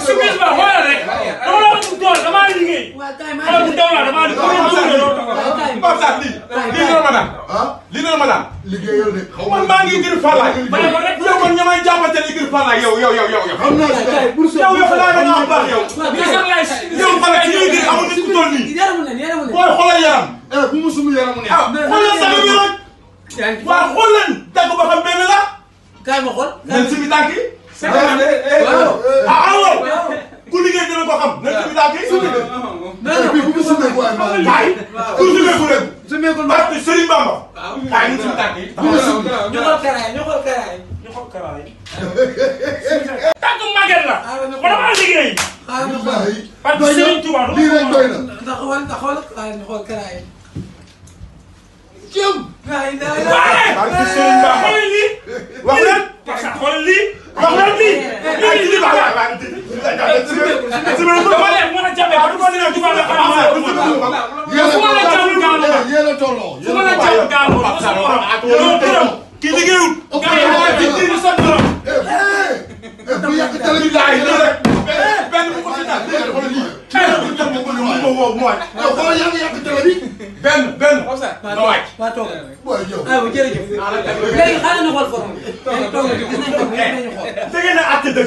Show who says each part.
Speaker 1: subis ba xoolal rek dama la am tool damaa liggéey xale bu ndaw laa damaa liggéey. Pape Sarr lii lii dina ma daan lii dina ma daan. liggéeyal de xaw ma man maa ngi ngir Fallaye. yow man ña may jàppante ni ngir Fallaye yow yow yow yow. yow yow yow laa nga am baax yow. yow man ci lii ngir amul nit ku toll nii. booy xoolal yaram. bu eh, mu sumu yaramu ne. ah xoolal sa bi rek. waaw xool leen dagg ba xam benn la. kaay ma xool. ngeen subi tànk yi. Eh, eh, ah, ah bi bu sumee ko ay ma ay ku sumee ko rek sumee ko barke Serigne Bamba ay ñu suñu tàkk yi ñu xool karaay ñu xool karaay ñu xool karaay tàkk màgget la ma dama liggéey parce que Serigne Touba lii rek doy na taxawal taxawal karaay ñu xool karaay jëm waaye barke Serigne Bamba wax leen wax leen lii wax leen lii lii lii yéen a tolloo yéen a tolloo kii liggéeyul. bu yàq télé bi laay benn bu ko fi tax. benn benn. nga waaj. waa toog na aywa jërëjëf. léegi xaaral ñu xool forom. léegi toog na gis nañu ko gis nañu ko.